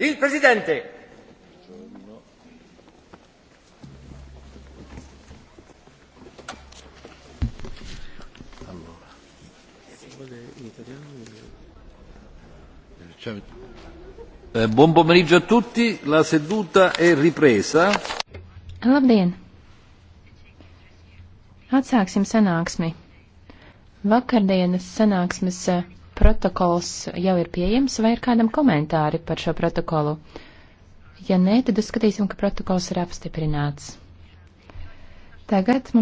Il Presidente. Buongiorno. Allora. In italiano? Cioè, eh, buon pomeriggio a tutti, la seduta è ripresa. Labdien! Atsāksim sanāksmi. Vakardienas sanāksmes eh, protokols jau ir pieejams, vai ir kādam komentāri par šo protokolu? Ja nē, tad uzskatīsim, ka protokols ir apstiprināts. Tagad mums.